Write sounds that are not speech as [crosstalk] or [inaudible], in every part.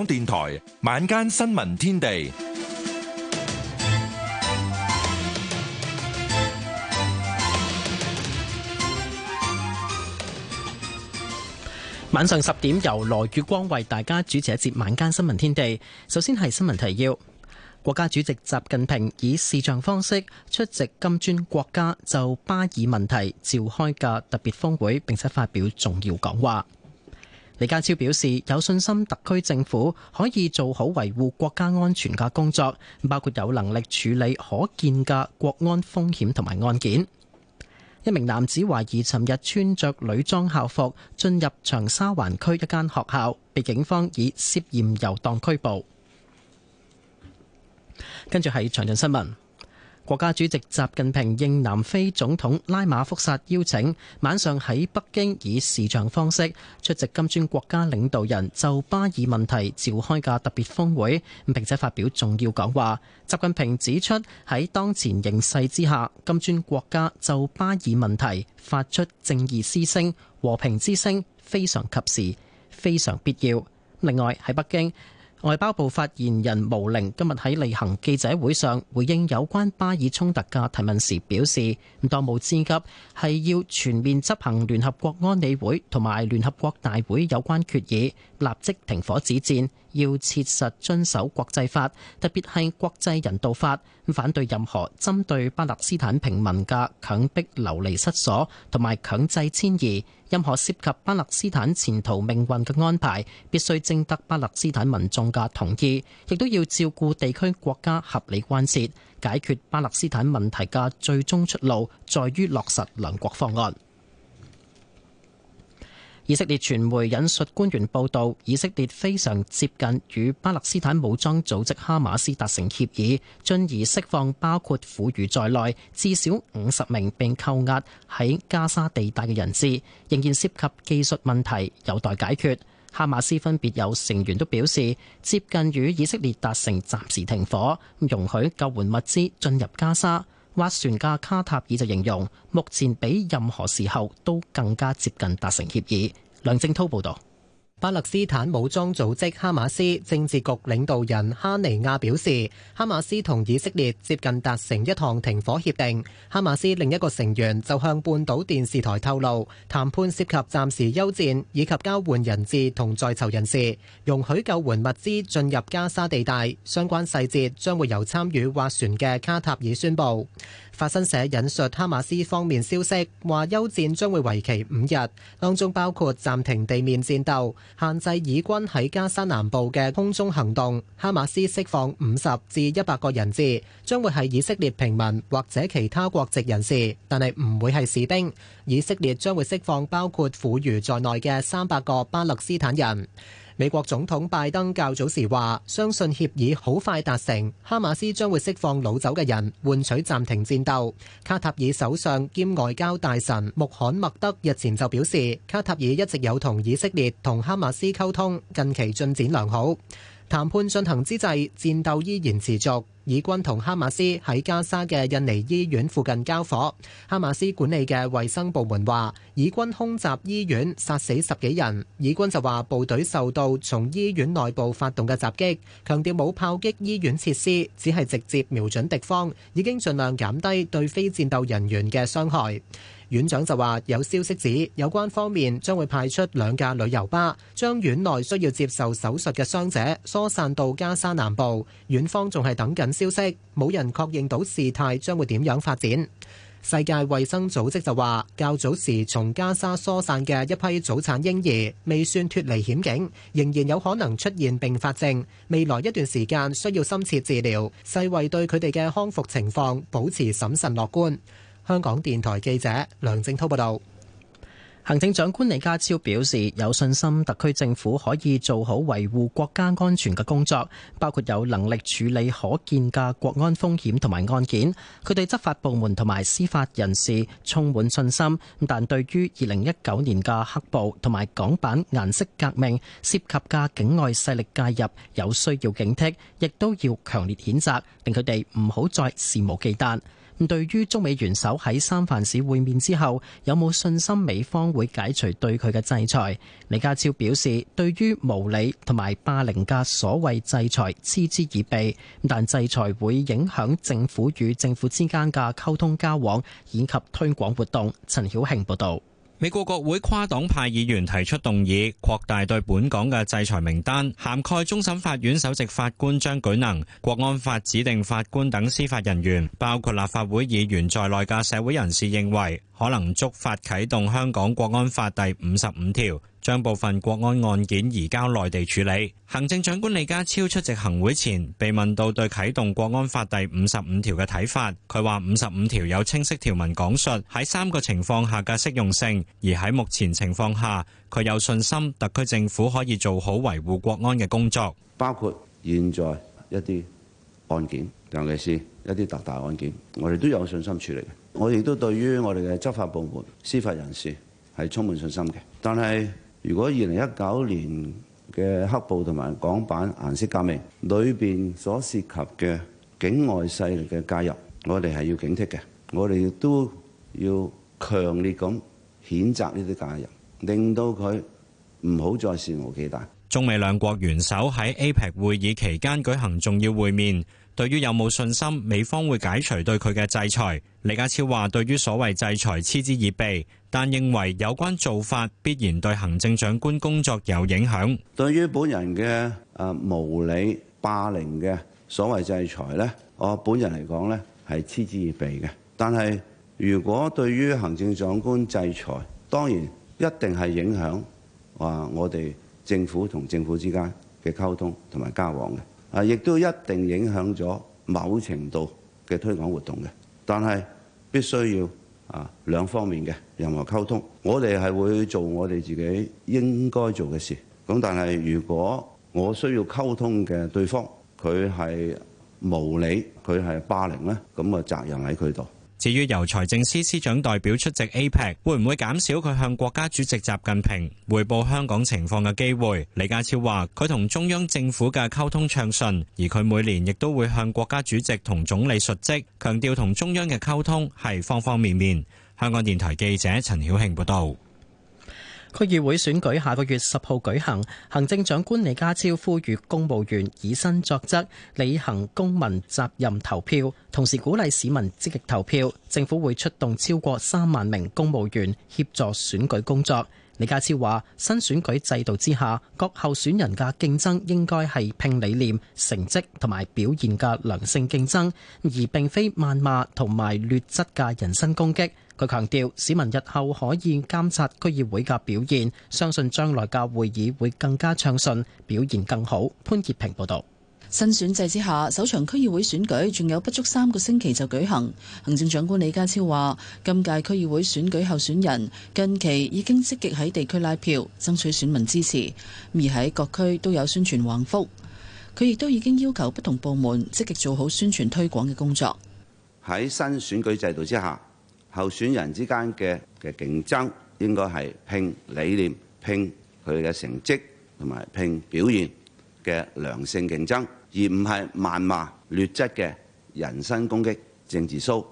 港電台晚間新聞天地，晚上十點由羅月光為大家主持一節晚間新聞天地。首先係新聞提要：國家主席習近平以視像方式出席金磚國家就巴爾問題召開嘅特別峰會，並且發表重要講話。李家超表示有信心特區政府可以做好維護國家安全嘅工作，包括有能力處理可見嘅國安風險同埋案件。一名男子懷疑尋日穿着女裝校服進入長沙灣區一間學校，被警方以涉嫌遊蕩拘捕。跟住係詳盡新聞。國家主席習近平應南非總統拉馬福薩邀請，晚上喺北京以視像方式出席金磚國家領導人就巴以問題召開嘅特別峰會，並且發表重要講話。習近平指出，喺當前形勢之下，金磚國家就巴以問題發出正義之聲、和平之聲，非常及時、非常必要。另外，喺北京。外交部發言人毛寧今日喺例行記者會上回應有關巴以衝突嘅提問時表示，當務之急係要全面執行聯合國安理會同埋聯合國大會有關決議，立即停火止戰。要切實遵守國際法，特別係國際人道法，反對任何針對巴勒斯坦平民嘅強迫流離失所同埋強制遷移。任何涉及巴勒斯坦前途命運嘅安排，必須徵得巴勒斯坦民眾嘅同意，亦都要照顧地區國家合理關切。解決巴勒斯坦問題嘅最終出路，在於落實兩國方案。以色列傳媒引述官員報道，以色列非常接近與巴勒斯坦武裝組織哈馬斯達成協議，進而釋放包括婦孺在內至少五十名並扣押喺加沙地帶嘅人質，仍然涉及技術問題有待解決。哈馬斯分別有成員都表示接近與以色列達成暫時停火，容許救援物資進入加沙。斡旋嘅卡塔爾就形容，目前比任何時候都更加接近達成協議。梁正滔報導。巴勒斯坦武裝組織哈馬斯政治局領導人哈尼亞表示，哈馬斯同以色列接近達成一項停火協定。哈馬斯另一個成員就向半島電視台透露，談判涉及暫時休戰以及交換人質同在囚人士，容許救援物資進入加沙地帶。相關細節將會由參與斡旋嘅卡塔爾宣布。法新社引述哈馬斯方面消息，話休戰將會為期五日，當中包括暫停地面戰鬥、限制以軍喺加沙南部嘅空中行動、哈馬斯釋放五十至一百個人質，將會係以色列平民或者其他國籍人士，但係唔會係士兵。以色列將會釋放包括婦孺在內嘅三百個巴勒斯坦人。美國總統拜登較早時話：相信協議好快達成，哈馬斯將會釋放老走嘅人，換取暫停戰鬥。卡塔爾首相兼外交大臣穆罕默德日前就表示，卡塔爾一直有同以色列同哈馬斯溝通，近期進展良好。談判進行之際，戰鬥依然持續。以軍同哈馬斯喺加沙嘅印尼醫院附近交火。哈馬斯管理嘅衛生部門話，以軍空襲醫院，殺死十幾人。以軍就話部隊受到從醫院內部發動嘅襲擊，強調冇炮擊醫院設施，只係直接瞄準敵方，已經盡量減低對非戰鬥人員嘅傷害。院長就話：有消息指有關方面將會派出兩架旅遊巴，將院內需要接受手術嘅傷者疏散到加沙南部。院方仲係等緊消息，冇人確認到事態將會點樣發展。世界衛生組織就話：較早時從加沙疏散嘅一批早產嬰兒，未算脱離險境，仍然有可能出現併發症，未來一段時間需要深切治療，世衛對佢哋嘅康復情況保持審慎樂觀。香港電台記者梁正濤報道，行政長官李家超表示有信心特區政府可以做好維護國家安全嘅工作，包括有能力處理可見嘅國安風險同埋案件。佢對執法部門同埋司法人士充滿信心。咁但，對於二零一九年嘅黑暴同埋港版顏色革命涉及嘅境外勢力介入，有需要警惕，亦都要強烈譴責，令佢哋唔好再肆無忌憚。對於中美元首喺三藩市會面之後，有冇信心美方會解除對佢嘅制裁？李家超表示，對於無理同埋霸凌嘅所謂制裁，嗤之以鼻。但制裁會影響政府與政府之間嘅溝通交往以及推廣活動。陳曉慶報道。美國國會跨黨派議員提出動議，擴大對本港嘅制裁名單，涵蓋終審法院首席法官張舉能、國安法指定法官等司法人員，包括立法會議員在內嘅社會人士認為，可能觸發啟動香港國安法第五十五條。將部分國安案件移交內地處理。行政長官李家超出席行會前，被問到對啟動國安法第五十五條嘅睇法，佢話五十五條有清晰條文講述喺三個情況下嘅適用性，而喺目前情況下，佢有信心特區政府可以做好維護國安嘅工作，包括現在一啲案件，尤其是一啲特大案件，我哋都有信心處理。我亦都對於我哋嘅執法部門、司法人士係充滿信心嘅，但係。如果二零一九年嘅黑暴同埋港版顏色革命裏邊所涉及嘅境外勢力嘅介入，我哋係要警惕嘅，我哋都要強烈咁譴責呢啲介入，令到佢唔好再肆無忌憚。中美兩國元首喺 APEC 會議期間舉行重要會面。對於有冇信心，美方會解除對佢嘅制裁？李家超話：對於所謂制裁，嗤之以鼻，但認為有關做法必然對行政長官工作有影響。對於本人嘅誒無理霸凌嘅所謂制裁咧，我本人嚟講咧係嗤之以鼻嘅。但係如果對於行政長官制裁，當然一定係影響啊我哋政府同政府之間嘅溝通同埋交往嘅。啊！亦都一定影響咗某程度嘅推廣活動嘅，但係必須要啊兩方面嘅任何溝通，我哋係會做我哋自己應該做嘅事。咁但係，如果我需要溝通嘅對方，佢係無理，佢係霸凌咧，咁啊責任喺佢度。至於由財政司司長代表出席 APEC，會唔會減少佢向國家主席習近平匯報香港情況嘅機會？李家超話：佢同中央政府嘅溝通暢順，而佢每年亦都會向國家主席同總理述職，強調同中央嘅溝通係方方面面。香港電台記者陳曉慶報導。區議會選舉下個月十號舉行，行政長官李家超呼籲公務員以身作則，履行公民責任投票，同時鼓勵市民積極投票。政府會出動超過三萬名公務員協助選舉工作。李家超話：新選舉制度之下，各候選人嘅競爭應該係拼理念、成績同埋表現嘅良性競爭，而並非謾罵同埋劣質嘅人身攻擊。佢強調，市民日後可以監察區議會嘅表現，相信將來嘅會議會更加暢順，表現更好。潘潔平報導。新選制之下，首場區議會選舉仲有不足三個星期就舉行。行政長官李家超話：今屆區議會選舉候選人近期已經積極喺地區拉票，爭取選民支持，而喺各區都有宣傳橫幅。佢亦都已經要求不同部門積極做好宣傳推廣嘅工作。喺新選舉制度之下，候選人之間嘅嘅競爭應該係拼理念、拼佢嘅成績同埋拼表現嘅良性競爭，而唔係謾罵劣質嘅人身攻擊政治 SHOW。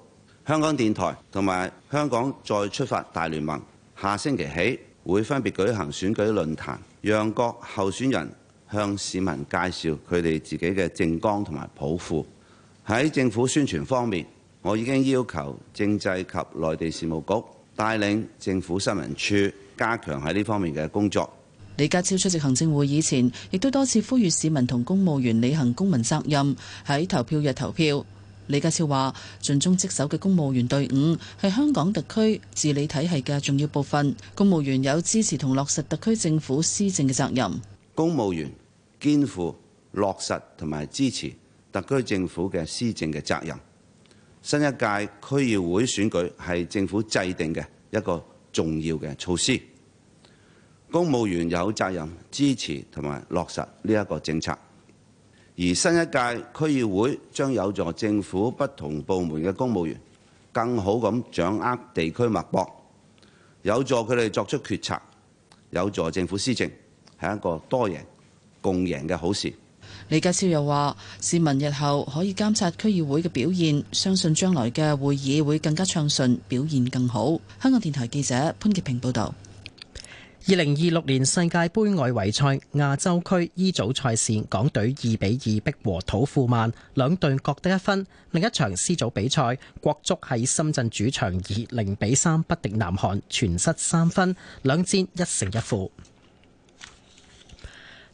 香港電台同埋香港再出發大聯盟下星期起會分別舉行選舉論壇，讓各候選人向市民介紹佢哋自己嘅政綱同埋抱負，喺政府宣傳方面。我已經要求政制及內地事務局帶領政府新聞處加強喺呢方面嘅工作。李家超出席行政會議前，亦都多次呼籲市民同公務員履行公民責任，喺投票日投票。李家超話，盡忠職守嘅公務員隊伍係香港特區治理體系嘅重要部分，公務員有支持同落實特區政府施政嘅責任。公務員肩負落實同埋支持特區政府嘅施政嘅責任。新一屆區議會選舉係政府制定嘅一個重要嘅措施，公務員有責任支持同埋落實呢一個政策，而新一屆區議會將有助政府不同部門嘅公務員更好咁掌握地區脈搏，有助佢哋作出決策，有助政府施政，係一個多贏、共贏嘅好事。李家超又話：市民日後可以監察區議會嘅表現，相信將來嘅會議會更加暢順，表現更好。香港電台記者潘潔平報道。二零二六年世界杯外圍賽亞洲區 E 組賽事，港隊二比二逼和土庫曼，兩隊各得一分。另一場 C 組比賽，國足喺深圳主場以零比三不敵南韓，全失三分，兩戰一勝一負。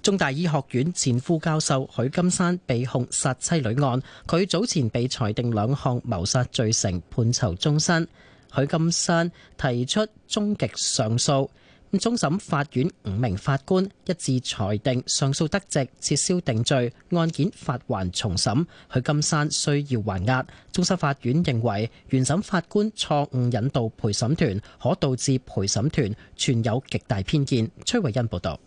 中大醫學院前副教授許金山被控殺妻女案，佢早前被裁定兩項謀殺罪成，判囚終身。許金山提出終極上訴，終審法院五名法官一致裁定上訴得直，撤銷定罪，案件發還重審。許金山需要還押。終審法院認為原審法官錯誤引導陪審團，可導致陪審團存有極大偏見。崔慧欣報道。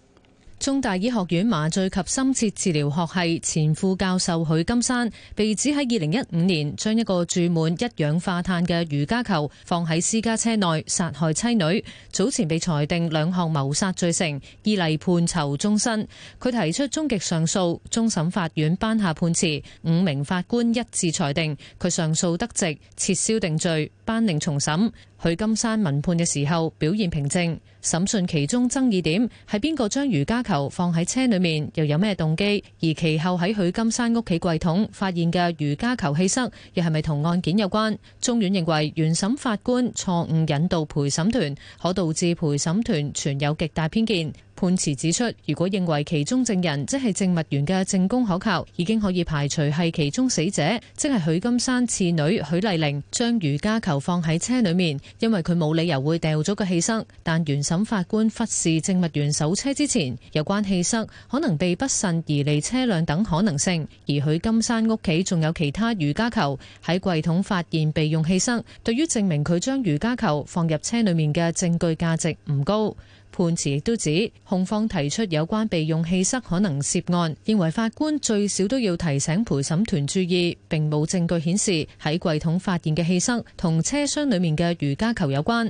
中大醫學院麻醉及深切治療學系前副教授許金山，被指喺二零一五年將一個注滿一氧化碳嘅瑜伽球放喺私家車內殺害妻女，早前被裁定兩項謀殺罪成，依例判囚終身。佢提出終極上訴，終審法院頒下判詞，五名法官一致裁定佢上訴得直，撤銷定罪，頒令重審。許金山聞判嘅時候表現平靜，審訊其中爭議點係邊個將瑜伽球放喺車裏面，又有咩動機？而其後喺許金山屋企櫃桶發現嘅瑜伽球氣塞，又係咪同案件有關？中院認為原審法官錯誤引導陪審團，可導致陪審團存有極大偏見。判詞指出，如果認為其中證人即係證物員嘅證供可靠，已經可以排除係其中死者，即係許金山次女許麗玲將瑜伽球放喺車裏面，因為佢冇理由會掉咗個氣塞。但原審法官忽視證物員搜車之前，有關氣塞可能被不慎移離車輛等可能性。而許金山屋企仲有其他瑜伽球喺櫃桶發現備用氣塞，對於證明佢將瑜伽球放入車裏面嘅證據價值唔高。判詞亦都指，控方提出有關備用氣塞可能涉案，認為法官最少都要提醒陪審團注意。並冇證據顯示喺櫃桶發現嘅氣塞同車廂裡面嘅瑜伽球有關。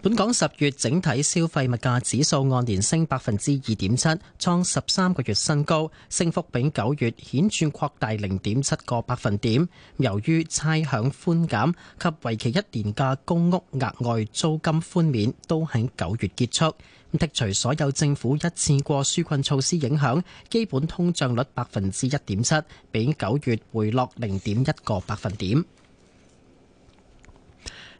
本港十月整體消費物價指數按年升百分之二點七，創十三個月新高，升幅比九月顯著擴大零點七個百分點。由於差餉寬減及為期一年嘅公屋額外租金寬免都喺九月結束，剔除所有政府一次過紓困措施影響，基本通脹率百分之一點七，比九月回落零點一個百分點。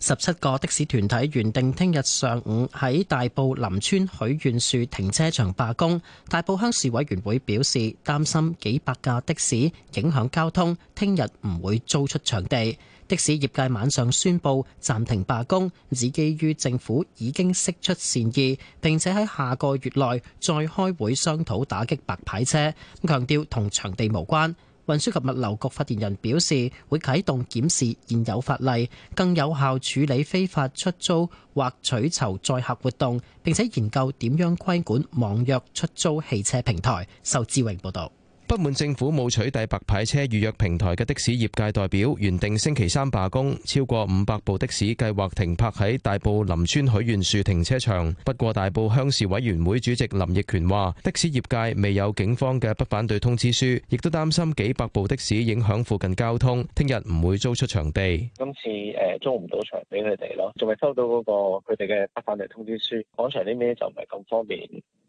十七個的士團體原定聽日上午喺大埔林村許願樹停車場罷工，大埔鄉事委員會表示擔心幾百架的士影響交通，聽日唔會租出場地。的士業界晚上宣佈暫停罷工，只基於政府已經釋出善意，並且喺下個月內再開會商討打擊白牌車，咁強調同場地無關。運輸及物流局發言人表示，會啟動檢視現有法例，更有效處理非法出租或取酬載客活動，並且研究點樣規管網約出租汽車平台。仇志榮報道。不滿政府冇取締白牌車預約平台嘅的，的士業界代表，原定星期三罷工，超過五百部的士計劃停泊喺大埔林村許願樹停車場。不過大埔鄉事委員會主席林奕權話，的士業界未有警方嘅不反對通知書，亦都擔心幾百部的士影響附近交通，聽日唔會租出場地。今次誒租唔到場俾佢哋咯，仲未收到嗰個佢哋嘅不反對通知書。廣場呢邊就唔係咁方便。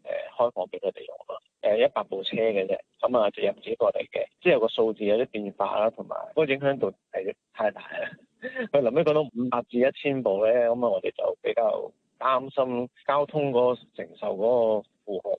誒、呃、開放俾佢哋用咯，誒一百部車嘅啫，咁啊進入只過嚟嘅，即係個數字有啲變化啦，同埋嗰個影響度係太大啦。佢臨尾講到五百至一千部咧，咁啊我哋就比較擔心交通嗰個承受嗰個負荷。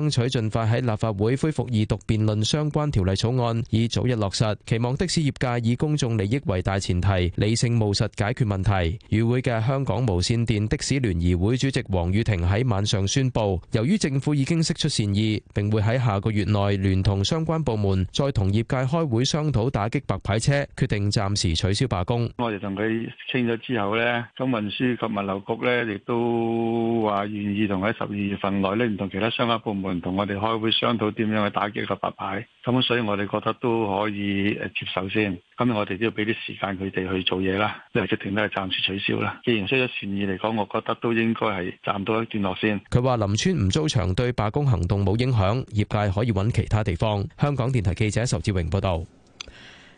爭取盡快喺立法會恢復二讀辯論相關條例草案，以早日落實。期望的士業界以公眾利益為大前提，理性務實解決問題。與會嘅香港無線電的士聯誼會主席黃玉婷喺晚上宣布，由於政府已經釋出善意，並會喺下個月內聯同相關部門再同業界開會商討打擊白牌車，決定暫時取消罷工。我哋同佢清咗之後咧，咁運輸及物流局咧亦都話願意同喺十二月份內咧，唔同其他相關部門。同我哋開會商討點樣去打擊個白牌，咁所以我哋覺得都可以誒接受先。咁我哋都要俾啲時間佢哋去做嘢啦，因為直程都係暫時取消啦。既然需咗善意嚟講，我覺得都應該係站多一段落先。佢話：林村唔租場對罷工行動冇影響，業界可以揾其他地方。香港電台記者仇志榮報道。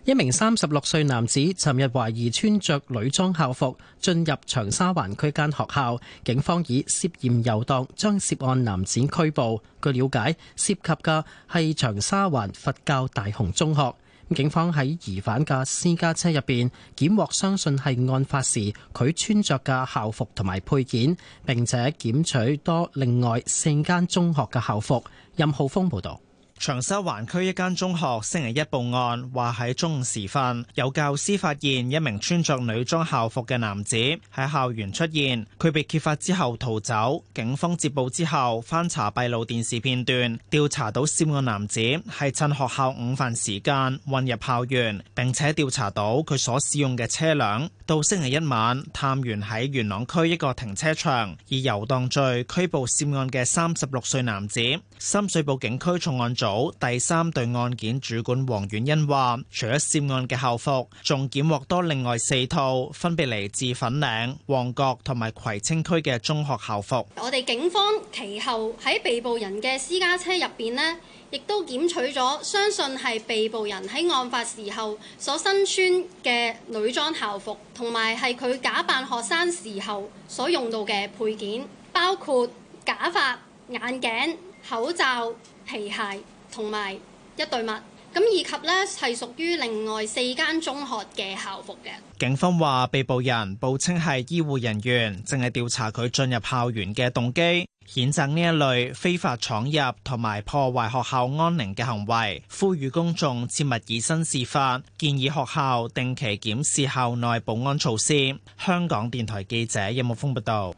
一名三十六歲男子尋日懷疑穿着女裝校服進入長沙灣區間學校，警方以涉嫌遊蕩將涉案男子拘捕。據了解，涉及嘅係長沙灣佛教大雄中學。警方喺疑犯嘅私家車入邊檢獲相信係案發時佢穿着嘅校服同埋配件，並且檢取多另外四間中學嘅校服。任浩峰報道。長沙環區一間中學星期一報案，話喺中午時分有教師發現一名穿着女裝校服嘅男子喺校園出現，佢被揭發之後逃走。警方接報之後翻查閉路電視片段，調查到涉案男子係趁學校午飯時間混入校園，並且調查到佢所使用嘅車輛。到星期一晚，探員喺元朗區一個停車場以遊蕩罪拘捕涉案嘅三十六歲男子。深水埗警區重案組，第三隊案件主管黃婉恩話，除咗涉案嘅校服，仲檢獲多另外四套，分別嚟自粉嶺、旺角同埋葵青區嘅中學校服。我哋警方其後喺被捕人嘅私家車入邊呢，亦都檢取咗，相信係被捕人喺案發時候所身穿嘅女裝校服，同埋係佢假扮學生時候所用到嘅配件，包括假發、眼鏡、口罩、皮鞋。同埋一對襪，咁以及呢係屬於另外四間中學嘅校服嘅。警方話，被捕人報稱係醫護人員，正係調查佢進入校園嘅動機，譴責呢一類非法闖入同埋破壞學校安寧嘅行為，呼籲公眾切勿以身試法，建議學校定期檢視校內保安措施。香港電台記者任木峯報道。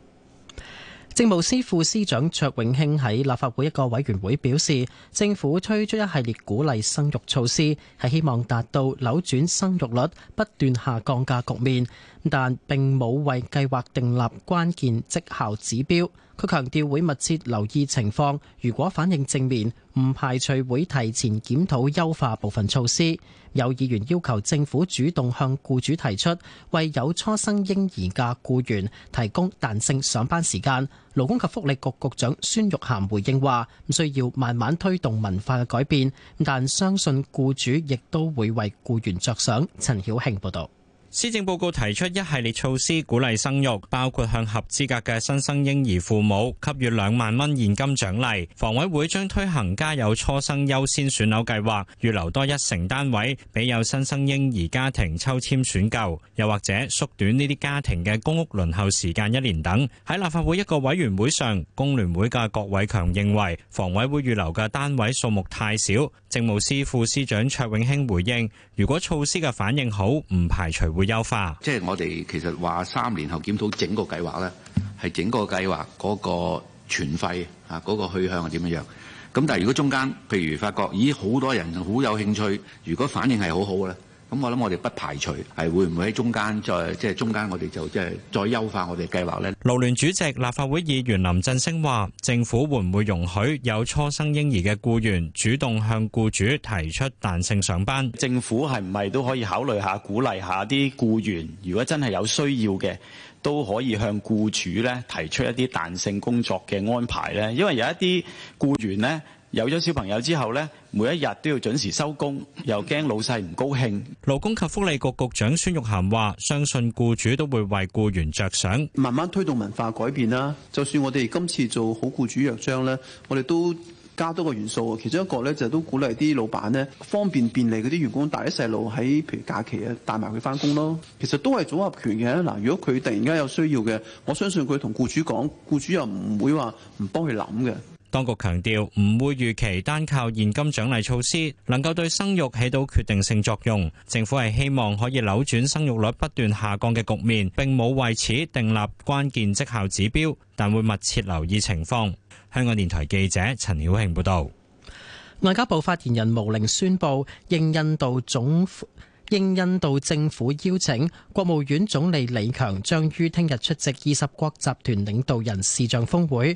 政務司副司長卓永興喺立法會一個委員會表示，政府推出一系列鼓勵生育措施，係希望達到扭轉生育率不斷下降嘅局面，但並冇為計劃訂立關鍵績效指標。佢強調會密切留意情況，如果反應正面，唔排除會提前檢討優化部分措施。有議員要求政府主動向僱主提出，為有初生嬰兒嘅僱員提供彈性上班時間。勞工及福利局局長孫玉涵回應話：唔需要慢慢推動文化嘅改變，但相信僱主亦都會為僱員着想。陳曉慶報道。施政報告提出一系列措施鼓勵生育，包括向合資格嘅新生嬰兒父母給予兩萬蚊現金獎勵。房委會將推行家有初生優先選樓計劃，預留多一成單位俾有新生嬰兒家庭抽籤選購，又或者縮短呢啲家庭嘅公屋輪候時間一年等。喺立法會一個委員會上，工聯會嘅郭偉強認為房委會預留嘅單位數目太少。政務司副司長卓永興回應。如果措施嘅反應好，唔排除會優化。即係我哋其實話三年後檢討整個計劃咧，係整個計劃嗰個存廢啊，嗰個去向係點樣樣，咁但係如果中間譬如發覺咦好多人好有興趣，如果反應係好好嘅咧。 [noise] 咁我諗我哋不排除係會唔會喺中間再即係中間我哋就即係再優化我哋計劃呢。勞聯主席立法會議員林振升話，政府會唔會容許有初生嬰兒嘅僱員主動向僱主提出彈性上班？政府係唔係都可以考慮下鼓勵下啲僱員，如果真係有需要嘅，都可以向僱主咧提出一啲彈性工作嘅安排呢，因為有一啲僱員呢，有咗小朋友之後呢，每一日都要準時收工，又驚老細唔高興。勞工及福利局局，局長孫玉菡話：相信僱主都會為僱員着想，慢慢推動文化改變啦。就算我哋今次做好僱主約章呢，我哋都加多個元素，其中一個呢，就都鼓勵啲老闆呢，方便便利嗰啲員工帶啲細路喺譬如假期啊，帶埋佢翻工咯。其實都係組合拳嘅嗱。如果佢突然間有需要嘅，我相信佢同僱主講，僱主又唔會話唔幫佢諗嘅。當局強調唔會預期單靠現金獎勵措施能夠對生育起到決定性作用。政府係希望可以扭轉生育率不斷下降嘅局面，並冇為此訂立關鍵績效指標，但會密切留意情況。香港電台記者陳曉慶報道。外交部發言人毛寧宣布，應印度總應印度政府邀請，國務院總理李強將於聽日出席二十國集團領導人視像峰會。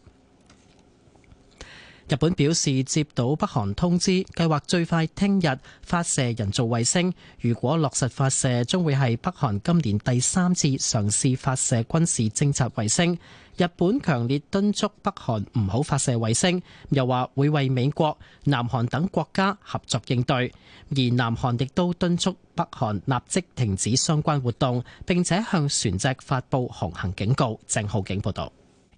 日本表示接到北韓通知，計劃最快聽日發射人造衛星。如果落實發射，將會係北韓今年第三次嘗試發射軍事偵察衛星。日本強烈敦促北韓唔好發射衛星，又話會為美國、南韓等國家合作應對。而南韓亦都敦促北韓立即停止相關活動，並且向船隻發布航行警告，鄭浩景報道。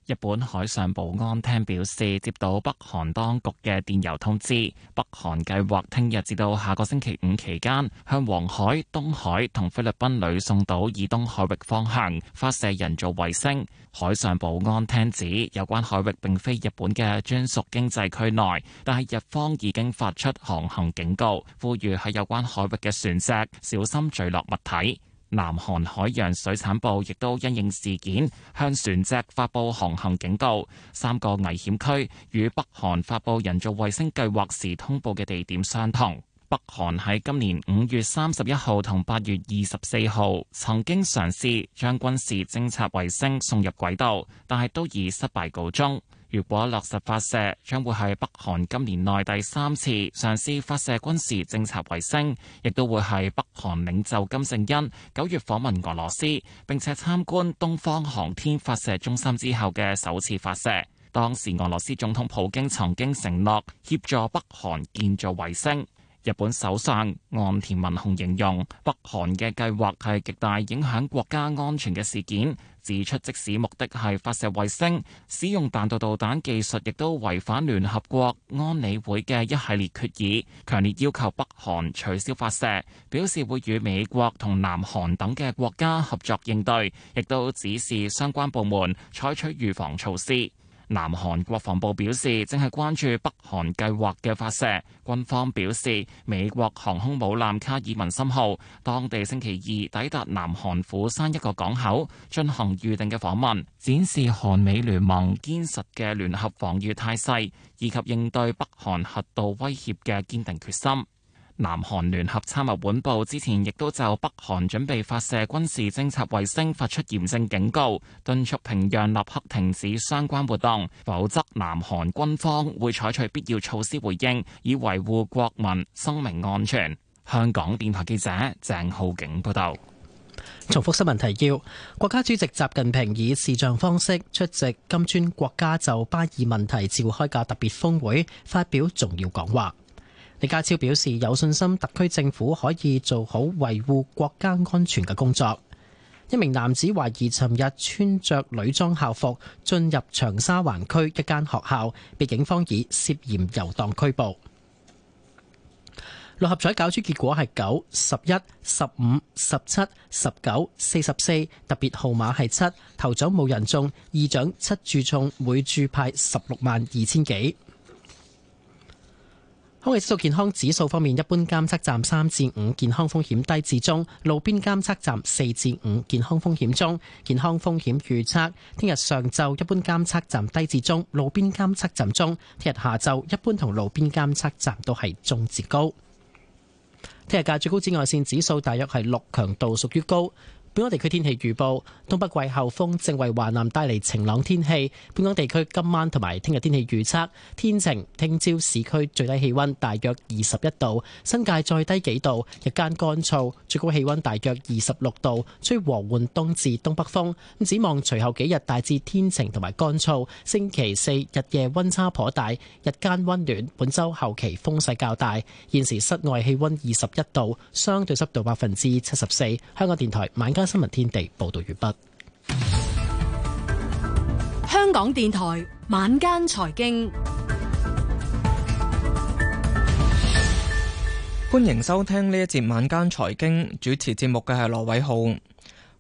日本海上保安廳表示，接到北韓當局嘅電郵通知，北韓計劃聽日至到下個星期五期間向黃海、東海同菲律賓呂宋島以東海域方向發射人造衛星。海上保安廳指，有關海域並非日本嘅專屬經濟區內，但係日方已經發出航行警告，呼籲喺有關海域嘅船隻小心墜落物體。南韓海洋水產部亦都因應事件，向船隻發布航行警告。三個危險區與北韓發佈人造衛星計劃時通報嘅地點相同。北韓喺今年五月三十一號同八月二十四號曾經嘗試將軍事偵察衛星送入軌道，但係都以失敗告終。如果落實發射，將會係北韓今年內第三次嘗試發射軍事偵察衛星，亦都會係北韓領袖金正恩九月訪問俄羅斯並且參觀東方航天發射中心之後嘅首次發射。當時俄羅斯總統普京曾經承諾協助北韓建造衛星。日本首相岸田文雄形容北韓嘅計劃係極大影響國家安全嘅事件，指出即使目的係發射衛星，使用彈道導彈技術亦都違反聯合國安理會嘅一系列決議，強烈要求北韓取消發射，表示會與美國同南韓等嘅國家合作應對，亦都指示相關部門採取預防措施。南韓國防部表示，正係關注北韓計劃嘅發射。軍方表示，美國航空母艦卡爾文森號，當地星期二抵達南韓釜山一個港口，進行預定嘅訪問，展示韓美聯盟堅實嘅聯合防御態勢，以及應對北韓核導威脅嘅堅定決心。南韓聯合參謀本部之前亦都就北韓準備發射軍事偵察衛星發出嚴正警告，敦促平壤立刻停止相關活動，否則南韓軍方會採取必要措施回應，以維護國民生命安全。香港電台記者鄭浩景報道。重複新聞提要：國家主席習近平以視像方式出席金磚國家就巴以問題召開嘅特別峰會，發表重要講話。李家超表示有信心特區政府可以做好維護國家安全嘅工作。一名男子懷疑尋日穿着女裝校服進入長沙灣區一間學校，被警方以涉嫌遊蕩拘捕。六合彩攪出結果係九、十一、十五、十七、十九、四十四，特別號碼係七。頭獎冇人中，二獎七注中，每注派十六萬二千幾。空氣質素健康指數方面，一般監測站三至五，健康風險低至中；路邊監測站四至五，健康風險中。健康風險預測：聽日上晝一般監測站低至中，路邊監測站中；聽日下晝一般同路邊監測站都係中至高。聽日嘅最高紫外線指數大約係六，強度屬於高。本港地區天氣預報，東北季候風正為華南帶嚟晴朗天氣，本港地區今晚同埋聽日天氣預測天晴，聽朝市區最低氣溫大約二十一度，新界再低幾度，日間乾燥，最高氣溫大約二十六度，吹和緩東至東北風，咁指望隨後幾日大致天晴同埋乾燥。星期四日夜温差頗大，日間温暖。本周後期風勢較大。現時室外氣溫二十一度，相對濕度百分之七十四。香港電台晚間。新聞天地報道完畢。香港電台晚間財經，歡迎收聽呢一節晚間財經。主持節目嘅係羅偉浩。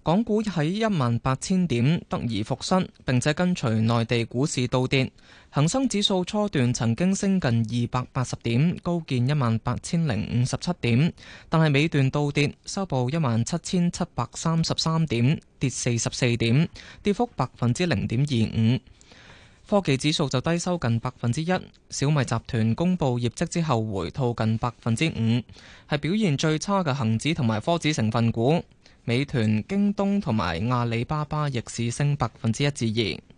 港股喺一萬八千點，得而復失，並且跟隨內地股市倒跌。恒生指數初段曾經升近二百八十點，高見一萬八千零五十七點，但係尾段倒跌，收報一萬七千七百三十三點，跌四十四點，跌幅百分之零點二五。科技指數就低收近百分之一，小米集團公佈業績之後回吐近百分之五，係表現最差嘅恒指同埋科指成分股。美團、京東同埋阿里巴巴逆市升百分之一至二。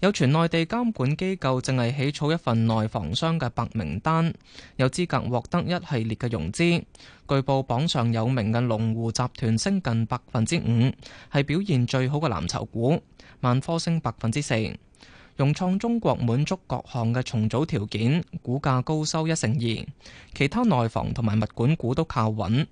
有傳內地監管機構正係起草一份內房商嘅白名單，有資格獲得一系列嘅融資。據報榜上有名嘅龍湖集團升近百分之五，係表現最好嘅藍籌股。萬科升百分之四，融創中國滿足各項嘅重組條件，股價高收一成二。其他內房同埋物管股都靠穩。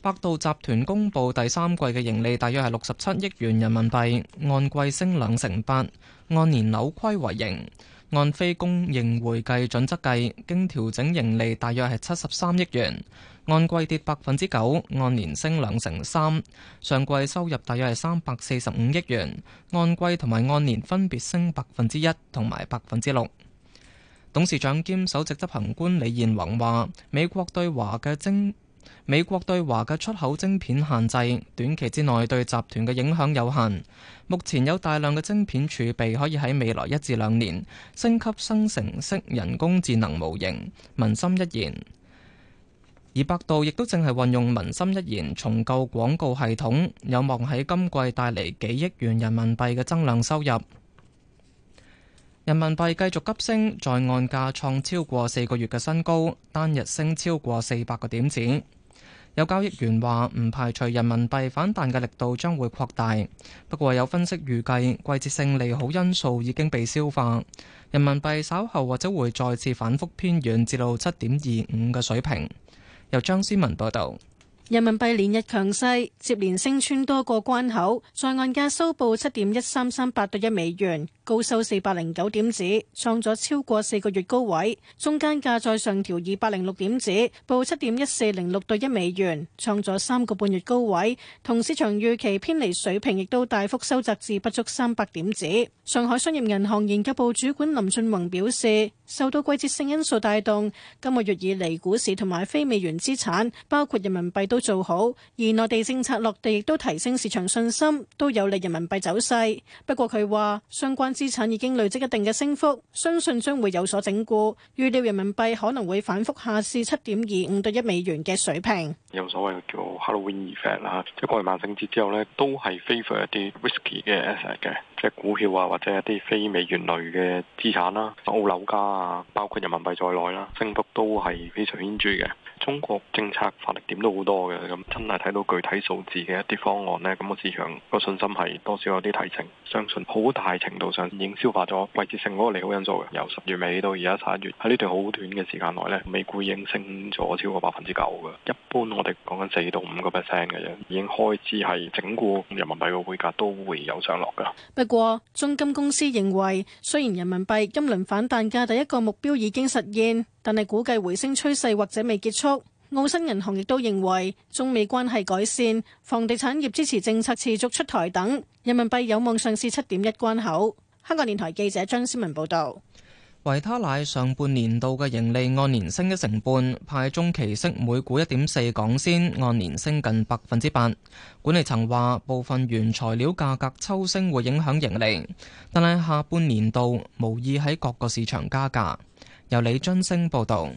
百度集團公布第三季嘅盈利，大約係六十七億元人民幣，按季升兩成八，按年扭虧為盈。按非公認會計準則計，經調整盈利大約係七十三億元，按季跌百分之九，按年升兩成三。上季收入大約係三百四十五億元，按季同埋按年分別升百分之一同埋百分之六。董事長兼首席執行官李彥宏話：美國對華嘅徵美國對華嘅出口晶片限制，短期之內對集團嘅影響有限。目前有大量嘅晶片儲備，可以喺未來一至兩年升級生成式人工智能模型，文心一言。而百度亦都正係運用文心一言重構廣告系統，有望喺今季帶嚟幾億元人民幣嘅增量收入。人民幣繼續急升，在岸價創超過四個月嘅新高，單日升超過四百個點子。有交易員話唔排除人民幣反彈嘅力度將會擴大，不過有分析預計季節性利好因素已經被消化，人民幣稍後或者會再次反覆偏軟，至到七點二五嘅水平。由張思文報道。人民幣連日強勢，接連升穿多個關口，在岸價收報七點一三三八對一美元，高收四百零九點子，創咗超過四個月高位；中間價再上調二百零六點子，報七點一四零六對一美元，創咗三個半月高位，同市場預期偏離水平亦都大幅收窄至不足三百點子。上海商業銀行研究部主管林俊宏表示，受到季節性因素帶動，今個月以嚟股市同埋非美元資產，包括人民幣都都做好，而內地政策落地亦都提升市場信心，都有利人民幣走勢。不過佢話，相關資產已經累積一定嘅升幅，相信將會有所整固，預料人民幣可能會反覆下試七點二五對一美元嘅水平。有所謂叫 Halloween effect，即過完萬聖節之後咧，都係 favor 一啲 whisky 嘅 asset 嘅。即股票啊，或者一啲非美元類嘅資產啦、啊，澳樓價啊，包括人民幣在內啦、啊，升幅都係非常顯著嘅。中國政策發力點都好多嘅，咁真係睇到具體數字嘅一啲方案呢。咁、個市場個信心係多少有啲提升，相信好大程度上已經消化咗季節性嗰個利好因素嘅。由十月尾到而家十一月喺呢段好短嘅時間內呢，美股已經升咗超過百分之九嘅，一般我哋講緊四到五個 percent 嘅啫，已經開始係整固人民幣個匯價都會有上落嘅。過中金公司認為，雖然人民幣今輪反彈嘅第一個目標已經實現，但係估計回升趨勢或者未結束。澳新銀行亦都認為，中美關係改善、房地產業支持政策持續出台等，人民幣有望上市七點一關口。香港電台記者張思文報道。維他奶上半年度嘅盈利按年升一成半，派中期息每股一點四港仙，按年升近百分之八。管理層話部分原材料價格抽升會影響盈利，但係下半年度無意喺各個市場加價。由李津升報道。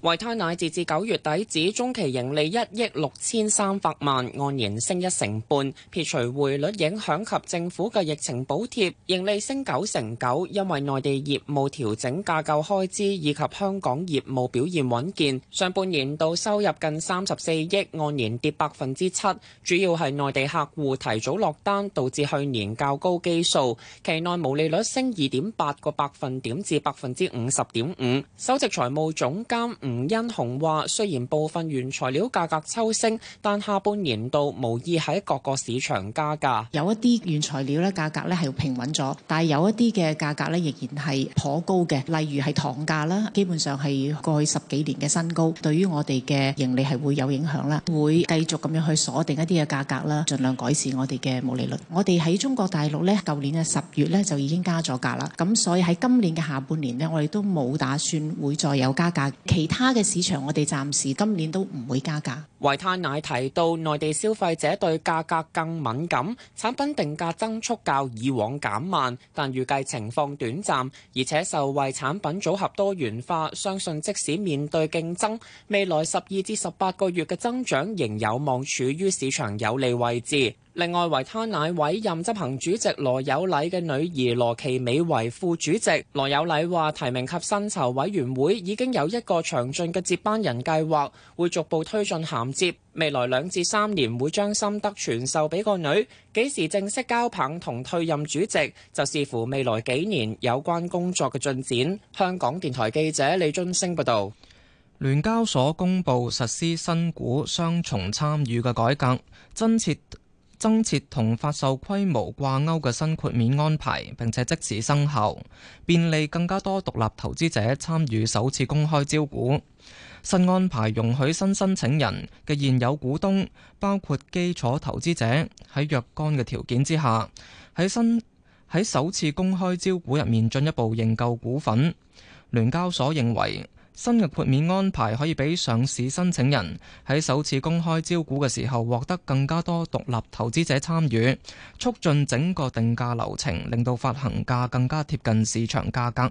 維他奶截至九月底止中期盈利一億六千三百萬，按年升一成半，撇除匯率影響及政府嘅疫情補貼，盈利升九成九，因為內地業務調整架構開支以及香港業務表現穩健。上半年度收入近三十四億，按年跌百分之七，主要係內地客戶提早落單，導致去年較高基數。期內毛利率升二點八個百分點至百分之五十點五。首席財務總監。吳恩雄話：雖然部分原材料價格抽升，但下半年度無意喺各個市場加價。有一啲原材料咧，價格咧係平穩咗，但係有一啲嘅價格咧仍然係頗高嘅，例如係糖價啦，基本上係過去十幾年嘅新高，對於我哋嘅盈利係會有影響啦。會繼續咁樣去鎖定一啲嘅價格啦，盡量改善我哋嘅毛利率。我哋喺中國大陸咧，舊年嘅十月咧就已經加咗價啦，咁所以喺今年嘅下半年呢，我哋都冇打算會再有加價，其他。他嘅市場，我哋暫時今年都唔會加價。維他奶提到，內地消費者對價格更敏感，產品定價增速較以往減慢，但預計情況短暫，而且受惠產品組合多元化，相信即使面對競爭，未來十二至十八個月嘅增長仍有望處於市場有利位置。另外，維他奶委任執行主席羅友禮嘅女兒羅其美為副主席。羅友禮話：提名及薪酬委員會已經有一個詳盡嘅接班人計劃，會逐步推進銜接。未來兩至三年會將心得傳授俾個女。幾時正式交棒同退任主席就視乎未來幾年有關工作嘅進展。香港電台記者李津升報道，聯交所公布實施新股雙重參與嘅改革，增設。增設同發售規模掛鈎嘅新豁免安排，並且即時生效，便利更加多獨立投資者參與首次公開招股。新安排容許新申請人嘅現有股東，包括基礎投資者，喺若干嘅條件之下，喺新喺首次公開招股入面進一步認購股份。聯交所認為，新嘅豁免安排可以俾上市申請人喺首次公開招股嘅時候獲得更加多獨立投資者參與，促進整個定價流程，令到發行價更加貼近市場價格。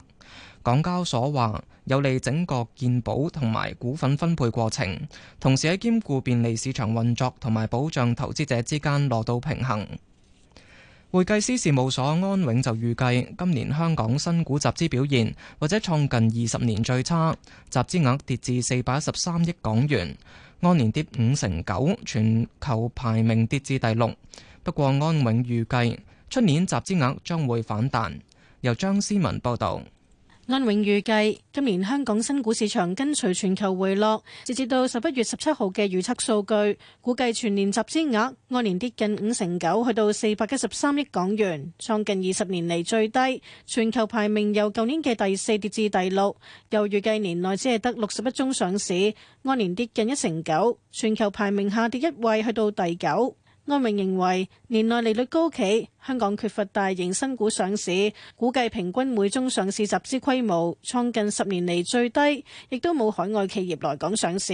港交所話有利整個建保同埋股份分配過程，同時喺兼顧便利市場運作同埋保障投資者之間攞到平衡。會計師事務所安永就預計，今年香港新股集資表現或者創近二十年最差，集資額跌至四百一十三億港元，按年跌五成九，全球排名跌至第六。不過安永預計，出年集資額將會反彈。由張思文報道。安永預計今年香港新股市場跟隨全球回落，截至到十一月十七號嘅預測數據，估計全年集資額按年跌近五成九，去到四百一十三億港元，創近二十年嚟最低。全球排名由舊年嘅第四跌至第六，又預計年內只係得六十一宗上市，按年跌近一成九，全球排名下跌一位，去到第九。安明認為，年內利率高企，香港缺乏大型新股上市，估計平均每宗上市集資規模創近十年嚟最低，亦都冇海外企業來港上市。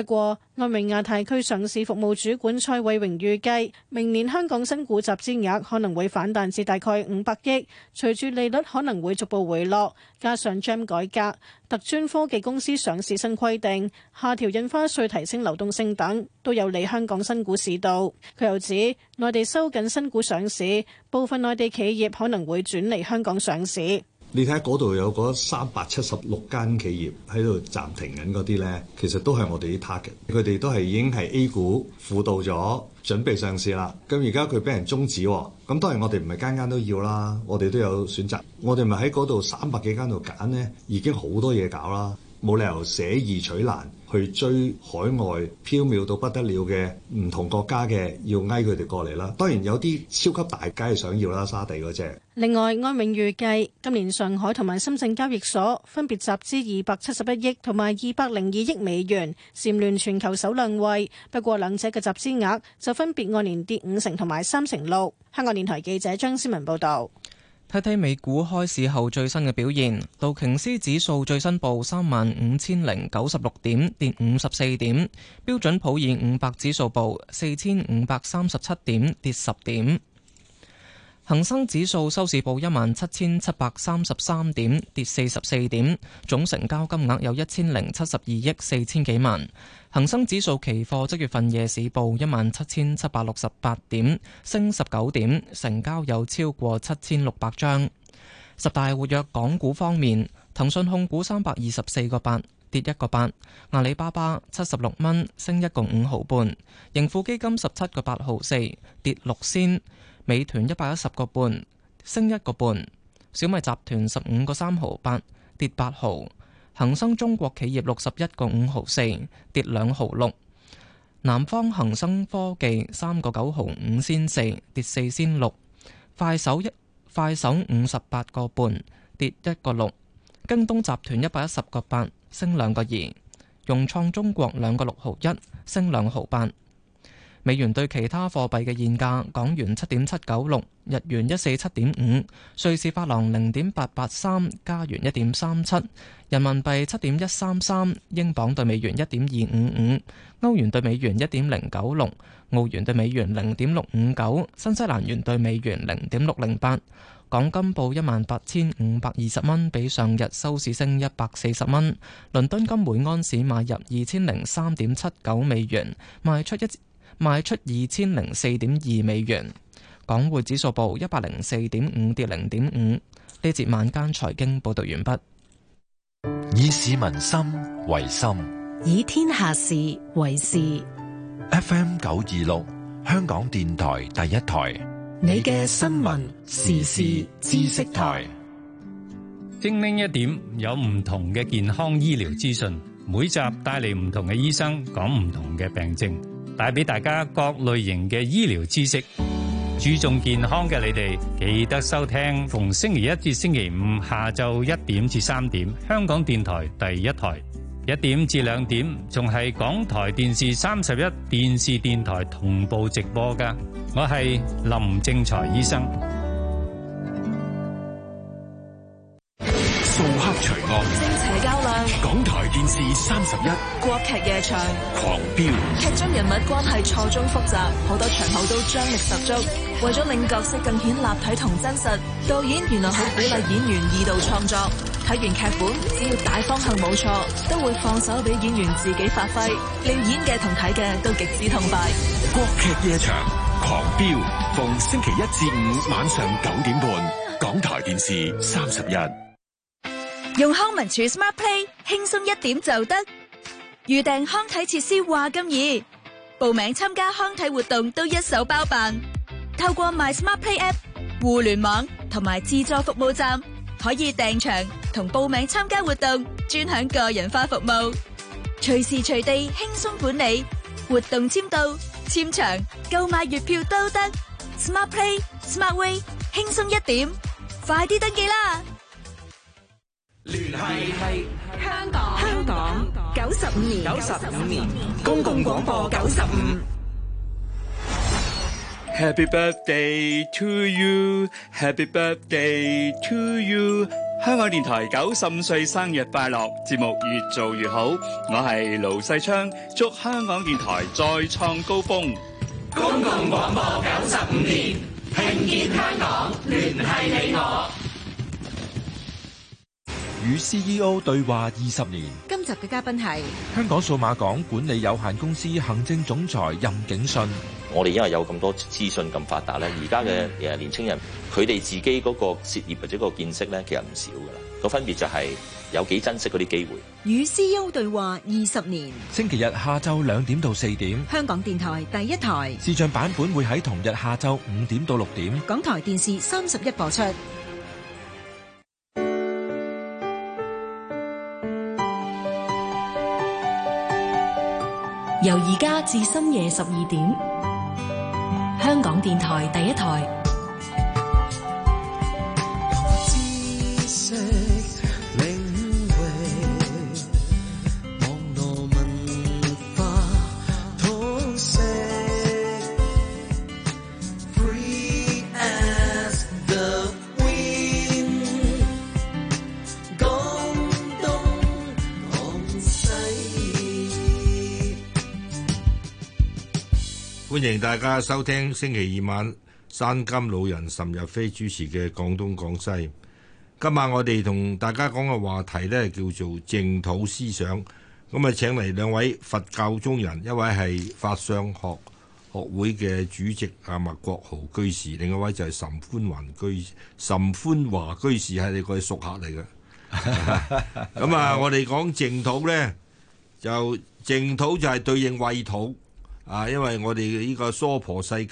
不過，愛明亞太區上市服務主管蔡偉榮預計，明年香港新股集資額可能會反彈至大概五百億，隨住利率可能會逐步回落，加上 GEM 改革、特專科技公司上市新規定、下調印花稅、提升流動性等，都有利香港新股市道。佢又指，內地收緊新股上市，部分內地企業可能會轉嚟香港上市。你睇下嗰度有嗰三百七十六間企業喺度暫停緊嗰啲咧，其實都係我哋啲 target，佢哋都係已經係 A 股輔導咗，準備上市啦。咁而家佢俾人中止，咁當然我哋唔係間間都要啦，我哋都有選擇。我哋咪喺嗰度三百幾間度揀咧，已經好多嘢搞啦，冇理由捨易取難。去追海外縹緲到不得了嘅唔同國家嘅，要挨佢哋過嚟啦。當然有啲超級大雞想要啦，沙地嗰隻。另外，安永預計今年上海同埋深圳交易所分別集資二百七十一億同埋二百零二億美元，蟬聯全球首兩位。不過，兩者嘅集資額就分別按年跌五成同埋三成六。香港電台記者張思文報道。睇睇美股開市後最新嘅表現，道瓊斯指數最新報三萬五千零九十六點，跌五十四點；標準普爾五百指數報四千五百三十七點，跌十點。恒生指數收市報一萬七千七百三十三點，跌四十四點，總成交金額有一千零七十二億四千幾萬。恒生指數期貨即月份夜市報一萬七千七百六十八點，升十九點，成交有超過七千六百張。十大活躍港股方面，騰訊控股三百二十四個八，跌一個八；阿里巴巴七十六蚊，升一個五毫半；盈富基金十七個八毫四，跌六仙。美團一百一十個半升一個半，小米集團十五個三毫八跌八毫，恒生中國企業六十一個五毫四跌兩毫六，南方恒生科技三個九毫五先四跌四先六，快手一快手五十八個半跌一個六，京東集團一百一十個八升兩個二，融創中國兩個六毫一升兩毫八。美元對其他貨幣嘅現價，港元七點七九六，日元一四七點五，瑞士法郎零點八八三，加元一點三七，人民幣七點一三三，英鎊對美元一點二五五，歐元對美元一點零九六，澳元對美元零點六五九，新西蘭元對美元零點六零八。港金報一萬八千五百二十蚊，比上日收市升一百四十蚊。倫敦金每安士買入二千零三點七九美元，賣出一。賣出二千零四點二美元。港匯指數報一百零四點五，跌零點五。呢節晚間財經報道完畢。以市民心為心，以天下事為事。F M 九二六，香港電台第一台，你嘅新聞時事知識台，精靈一點，有唔同嘅健康醫療資訊，每集帶嚟唔同嘅醫生講唔同嘅病症。帶俾大家各類型嘅醫療知識，注重健康嘅你哋記得收聽，逢星期一至星期五下晝一點至三點，香港電台第一台，一點至兩點，仲係港台電視三十一電視電台同步直播㗎。我係林正財醫生。掃黑除惡，正邪較量。是三十一國劇夜場狂飆飆，劇中人物關係錯綜複雜，好多場口都張力十足。為咗令角色更顯立體同真實，導演原來好鼓勵演員二度創作。睇完劇本，只要大方向冇錯，都會放手俾演員自己發揮，令演嘅同睇嘅都極之痛快。國劇夜場狂飆，逢星期一至五晚上九點半，港台電視三十一。用康文署 Smart Play 輕鬆一點就得，預訂康體設施話咁易，報名參加康體活動都一手包辦。透過 My Smart Play App、互聯網同埋自助服務站，可以訂場同報名參加活動，專享個人化服務，隨時隨地輕鬆管理活動簽到、簽場、購買月票都得。Smart Play，Smart Way，輕鬆一點，快啲登記啦！聯繫係香港，香港九十五年，九十五年公共廣播九十五。Happy birthday to you, Happy birthday to you。香港電台九十五歲生日快樂，節目越做越好。我係盧世昌，祝香港電台再創高峰。公共廣播九十五年，聽見香港，聯繫你我。與 CEO 對話二十年，今集嘅嘉賓係香港數碼港管理有限公司行政總裁任景信。我哋因為有咁多資訊咁發達咧，而家嘅誒年輕人，佢哋自己嗰個涉業或者個見識咧，其實唔少噶啦。個分別就係有幾珍惜嗰啲機會。與 CEO 對話二十年，星期日下晝兩點到四點，香港電台第一台視像版本會喺同日下晝五點到六點，港台電視三十一播出。由而家至深夜十二點，香港電台第一台。歡迎大家收聽星期二晚山金老人岑日飛主持嘅廣東廣西。今晚我哋同大家講嘅話題呢，叫做淨土思想。咁啊，請嚟兩位佛教中人，一位係法相學學會嘅主席阿麥國豪居士，另一位就係岑歡雲居士。岑歡華居士，係你個熟客嚟嘅。咁啊，我哋講淨土呢，就淨土就係對應穢土。啊，因為我哋呢個娑婆世界。